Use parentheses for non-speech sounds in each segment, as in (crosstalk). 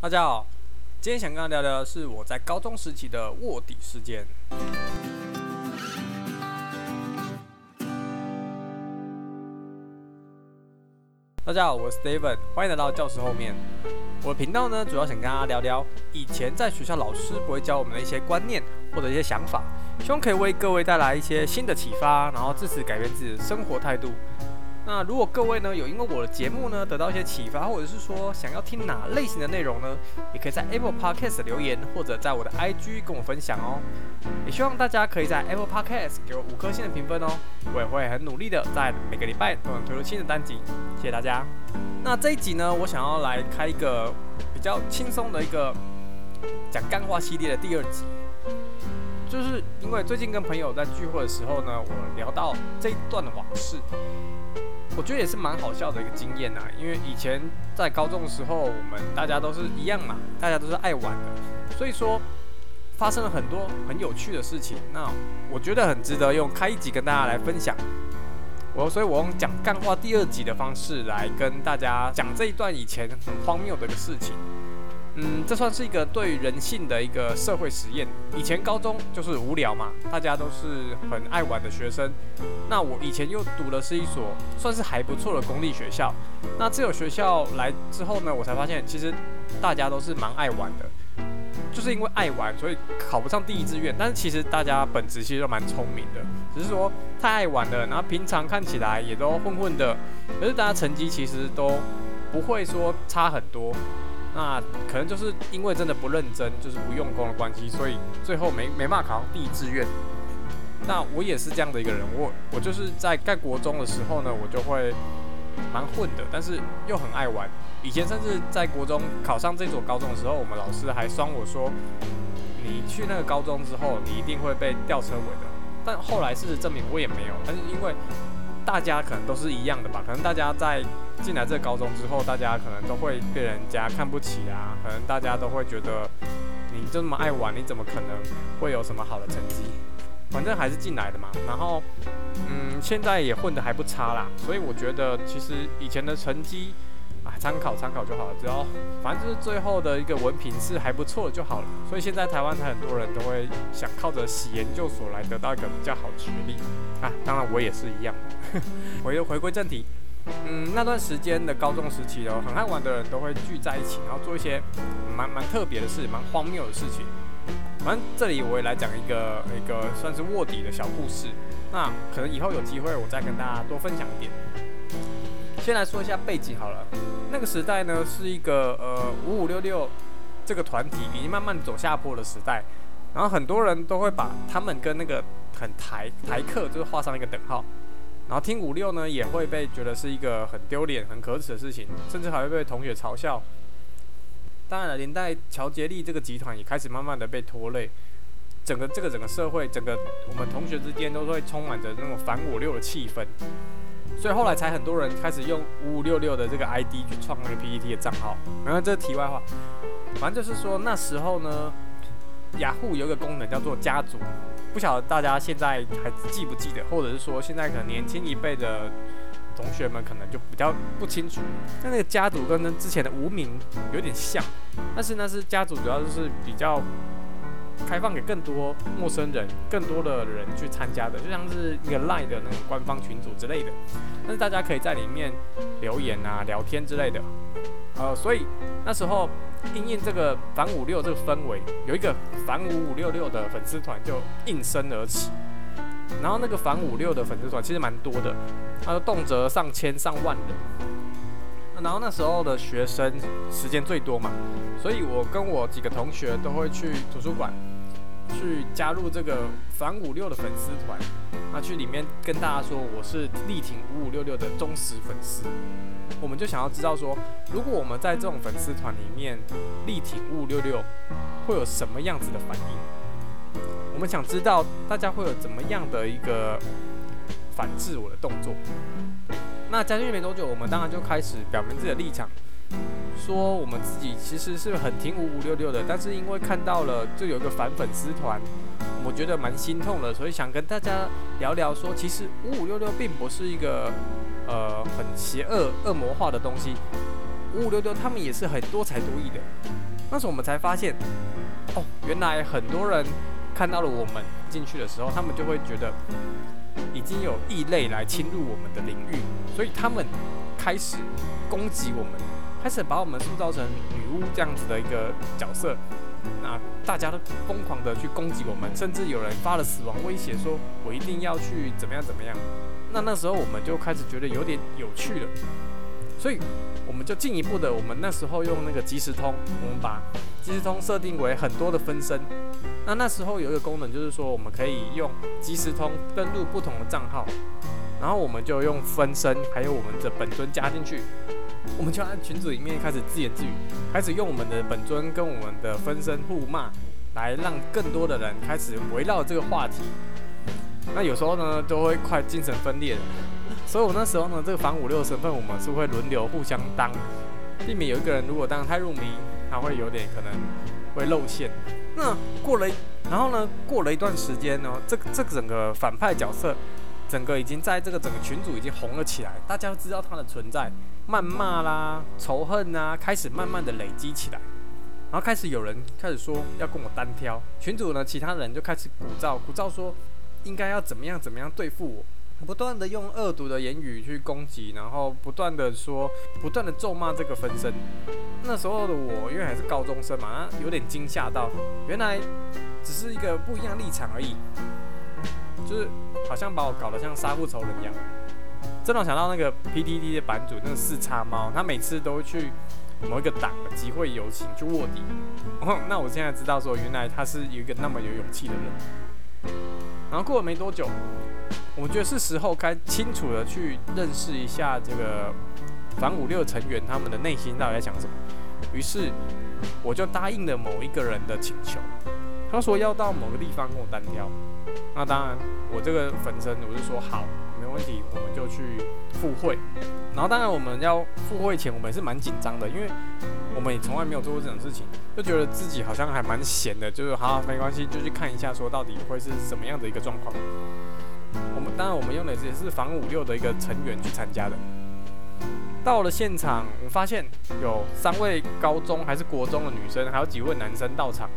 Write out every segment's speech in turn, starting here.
大家好，今天想跟大家聊聊的是我在高中時期的臥底事件。大家好，我是 David，歡迎來到教室後面。我的頻道呢，主要想跟大家聊聊以前在學校老師不會教我們的一些觀念或者一些想法，希望可以為各位帶來一些新的啟發，然後自此改變自己的生活態度。那如果各位呢，有因為我的節目呢，得到一些啟發，或者是說想要聽哪類型的內容呢，也可以在 Apple Podcast 留言，或者在我的 IG 跟我分享哦。也希望大家可以在 Apple Podcast 給我五顆星的評分哦。我也會很努力的在每個禮拜都能推出新的單集。謝謝大家。那這一集呢，我想要來開一個比較輕鬆的一個講幹話系列的第二集，就是因為最近跟朋友在聚會的時候呢，我聊到這一段的往事。我覺得也是蠻好笑的一個經驗啊，因為以前在高中的時候，我們大家都是一樣嘛，大家都是愛玩的，所以說發生了很多很有趣的事情。那我覺得很值得用開一集跟大家來分享，我所以我用講幹話第二集的方式來跟大家講這一段以前很荒謬的一個事情。嗯，這算是一個對人性的一個社會實驗。以前高中就是無聊嘛，大家都是很愛玩的學生。那我以前又讀的是一所算是還不錯的公立學校。那這所學校來之後呢，我才發現其實大家都是蠻愛玩的，就是因為愛玩，所以考不上第一志願。但是其實大家本質其實都蠻聰明的，只是說太愛玩了，然後平常看起來也都混混的，可是大家成績其實都不會說差很多。那可能就是因為真的不認真，就是不用功的關係，所以最後沒沒辦法考上第一志願。那我也是這樣的一個人，我我就是在在國中的時候呢，我就會蠻混的，但是又很愛玩。以前甚至在國中考上這所高中的時候，我們老師還酸我說，你去那個高中之後，你一定會被吊車尾的。但後來事實證明我也沒有，但是因為大家可能都是一樣的吧，可能大家在。.進來這個高中之後，大家可能都會被人家看不起啊，可能大家都會覺得，你就這麼愛玩，你怎麼可能會有什麼好的成績？反正還是進來的嘛。然後，嗯，現在也混得還不差啦。所以我覺得，其實以前的成績啊，參考參考就好了之後，只要反正就是最後的一個文憑是還不錯就好了。所以現在台灣很多人都會想靠着洗研究所來得到一個比較好的學歷啊。當然我也是一樣的 (laughs) 回。回回歸正題。嗯，那段時間的高中時期呢，很愛玩的人都會聚在一起，然後做一些蠻、嗯、蠻特別的事，蠻荒謬的事情。反正這裡我也來講一個一個算是臥底的小故事。那可能以後有機會我再跟大家多分享一點。先來說一下背景好了，那個時代呢，是一個呃五五六六這個團體已經慢慢走下坡的時代，然後很多人都會把他們跟那個很台、台客就是畫上一個等號。然後聽五六呢，也會被覺得是一個很丟臉、很可恥的事情，甚至還會被同學嘲笑。當然了，連帶喬傑立這個集團也開始慢慢的被拖累，整個這個整個社會，整個我們同學之間都會充滿着那種反五六的氣氛。所以後來才很多人開始用五五六六的這個 ID 去創那個 PTT 的賬號。然後這是題外話，反正就是說那時候呢，雅虎有一個功能叫做家族。不曉得大家現在還記不記得，或者是說現在可能年輕一輩的同學們可能就比較不清楚。那那個家族跟之前的無名有點像，但是那是家族主要就是比較開放給更多陌生人、更多的人去參加的，就像是一個 LINE 的那種官方群組之類的。但是大家可以在裡面留言啊、聊天之類的。呃，所以那時候。因應這個反五六這個氛圍，有一個反五五六六的粉絲團就應聲而起，然後那個反五六的粉絲團其實蠻多的，他說動輒上千上萬的，然後那時候的學生時間最多嘛，所以我跟我幾個同學都會去圖書館，去加入這個反五六的粉絲團，啊，去裡面跟大家說我是力挺五五六六的忠實粉絲。我們就想要知道說，如果我們在這種粉絲團裡面力挺五五六六，會有什麼樣子的反應？我們想知道大家會有怎麼樣的一個反制我的動作。那加進去沒多久，我們當然就開始表明自己的立場，說我們自己其實是很挺五五六六的，但是因為看到了就有一個反粉絲團，我覺得蠻心痛的。所以想跟大家聊聊說，其實五五六六並不是一個。呃，很邪惡、惡魔化的東西。五五六六，他們也是很多才多藝的。那時候我們才發現，哦，原來很多人看到了我們進去的時候，他們就會覺得已經有異類來侵入我們的領域，所以他們開始攻擊我們，開始把我們塑造成女巫這樣子的一個角色。那大家都瘋狂的去攻擊我們，甚至有人發了死亡威脅，說我一定要去怎麼樣怎麼樣。那那時候我們就開始覺得有點有趣了，所以我們就進一步的，我們那時候用那個即時通，我們把即時通設定為很多的分身。那那時候有一個功能，就是說我們可以用即時通登錄不同的賬號，然後我們就用分身還有我們的本尊加進去，我們就按群組裡面開始自言自語，開始用我們的本尊跟我們的分身互罵，來讓更多的人開始圍繞這個話題。那有時候呢，就會快精神分裂了。所以我那時候呢，這個反五六的身份，我們是會輪流互相當的，避免有一個人如果當太入迷，他會有點可能會露餡。那過了，然後呢，過了一段時間呢，這這整個反派角色，整個已經在這個整個群組已經紅了起來，大家都知道他的存在，謾罵啦、仇恨啊，開始慢慢的累積起來，然後開始有人開始說要跟我單挑，群主呢，其他人就開始鼓噪，鼓噪說。應該要怎麼樣？怎麼樣對付我,我？不斷的用惡毒的言語去攻擊，然後不斷的說，不斷的咒罵這個分身。那時候的我，因為還是高中生嘛，有點驚嚇到。原來只是一個不一樣立場而已，就是好像把我搞得像殺父仇人一樣。真的想到那個 PTT 的版主那個四叉貓，他每次都去某一個黨的集會遊行去臥底、哦。那我現在知道說，原來他是一個那麼有勇氣的人。然後過了沒多久，我覺得是時候該清楚的去認識一下這個反五六成員他們的內心到底在想什麼？於是我就答應了某一個人的請求，他說要到某個地方跟我單挑。那當然，我這個粉身我就說好，沒問題，我們就去赴會。然後當然，我們要赴會前，我們也是蠻緊張的，因為我們也從來沒有做過這種事情，就覺得自己好像還蠻閒的，就是好啊，沒關係，就去看一下，說到底會是什麼樣的一個狀況。我們當然，我們用的也是防五六的一個成員去參加的。到了現場，我發現有三位高中還是國中的女生，還有幾位男生到場。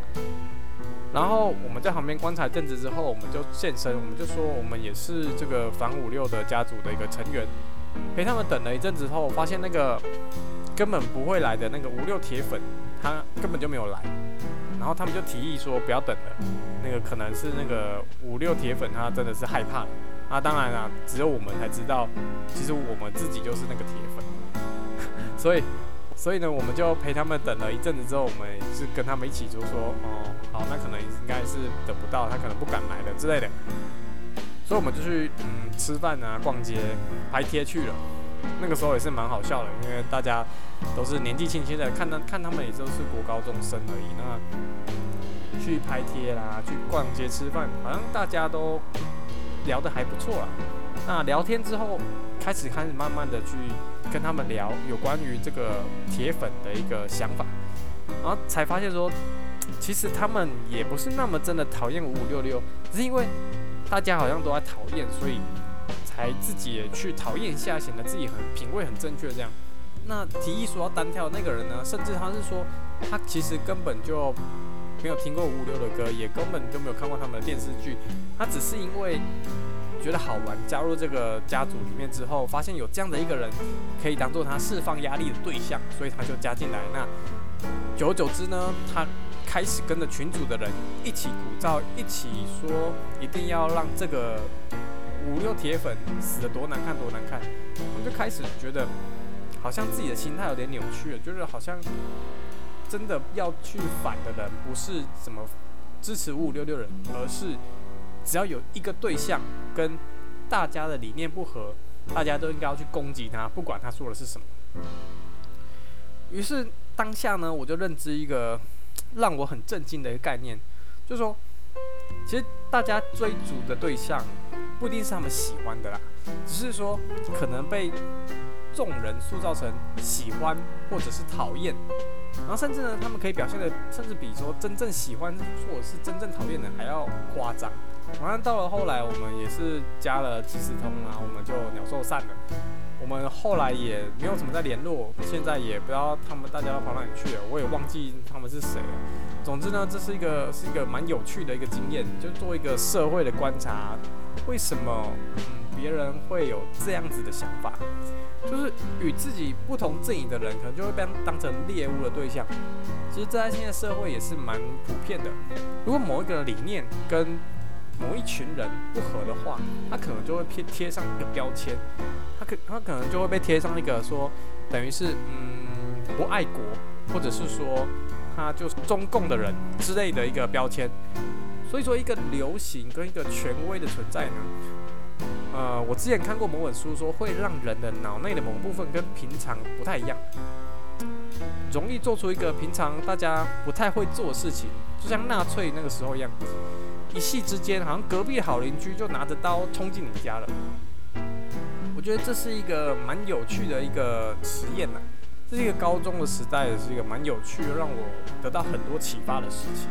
然後我們在旁邊觀察一陣子之後，我們就現身，我們就說我們也是這個反五六的家族的一個成員，陪他們等了一陣子之後，發現那個根本不會來的那個五六鐵粉，他根本就沒有來。然後他們就提議說不要等了，那個可能是那個五六鐵粉他真的是害怕。那當然啦，只有我們才知道，其實我們自己就是那個鐵粉，所以。所以呢，我們就陪他們等了一陣子之後，我們也是跟他們一起就說，哦，好，那可能應該是等不到，他可能不敢來的之類的。所以我們就去嗯吃飯啊、逛街、拍貼去了。那個時候也是蠻好笑的，因為大家都是年紀輕輕的，看他看他們也就是國高中生而已。那去拍貼啦，去逛街吃飯，好像大家都聊得還不錯啦。那聊天之後，開始開始慢慢的去跟他們聊有關於這個鐵粉的一個想法，然後才發現說，其實他們也不是那麼真的討厭五五六六，只是因為大家好像都在討厭，所以才自己去討厭一下，顯得自己很品味很正確這樣。那提議說要單挑那個人呢，甚至他是說，他其實根本就沒有聽過五五六的歌，也根本就沒有看過他們的電視劇，他只是因為。覺得好玩，加入這個家族裡面之後，發現有這樣的一個人，可以當做他釋放壓力的對象，所以他就加進來。那久而久之呢，他開始跟着群主的人一起鼓噪，一起說一定要讓這個五六鐵粉死得多難看多難看。他們就開始覺得，好像自己的心態有點扭曲了，就是好像真的要去反的人不是什麼支持五五六六人，而是只要有一個對象跟大家的理念不合，大家都應該要去攻擊他，不管他說的是什麼。於是當下呢，我就認知一個讓我很震驚的一個概念，就是說，其實大家追逐的對象不一定是他們喜歡的啦，只是說可能被眾人塑造成喜歡或者是討厭，然後甚至呢，他們可以表現得甚至比說真正喜歡或者是真正討厭的還要誇張。好像到了後來，我們也是加了即時通啊，我們就鳥獸散了。我們後來也沒有什麼再聯絡，現在也不知道他們大家都跑哪裡去了，我也忘記他們是誰了。總之呢，這是一個是一個蠻有趣的一個經驗，就做一個社會的觀察，為什麼嗯別人會有這樣子的想法，就是與自己不同陣營的人，可能就會被當成獵物的對象。其實，在現在社會也是蠻普遍的。如果某一個理念跟某一群人不合的話，他可能就會貼貼上一個標籤，他可他可能就會被貼上一個說，等於是嗯不愛國，或者是說他就是中共的人之類的一個標籤。所以說，一個流行跟一個權威的存在呢，呃，我之前看過某本書說，會讓人的腦內的某部分跟平常不太一樣，容易做出一個平常大家不太會做的事情，就像納粹那個時候一樣。一夕之間，好像隔壁好鄰居就拿着刀衝進你家了。我覺得這是一個蠻有趣的一個實驗呢，這是一個高中的時代，也是一個蠻有趣，讓我得到很多啟發的事情。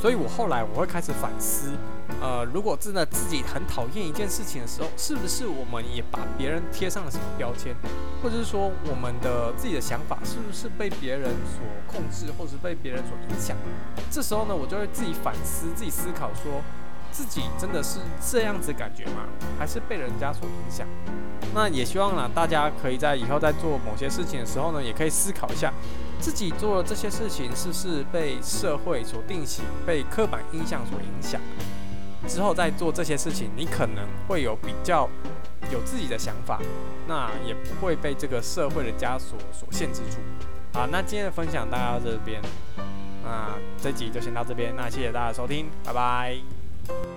所以我後來我會開始反思。呃，如果真的自己很討厭一件事情的時候，是不是我們也把別人貼上了什麼標籤，或者是說我們的自己的想法是不是被別人所控制，或者被別人所影響？這時候呢，我就會自己反思，自己思考說，說自己真的是這樣子的感覺嗎？還是被人家所影響？那也希望呢，大家可以在以後在做某些事情的時候呢，也可以思考一下，自己做的這些事情是不是被社會所定型，被刻板印象所影響。之後再做這些事情，你可能會有比較有自己的想法，那也不會被這個社會的枷鎖所限制住。好，那今天的分享大概到這邊，那這集就先到這邊，那謝謝大家的收聽，拜拜。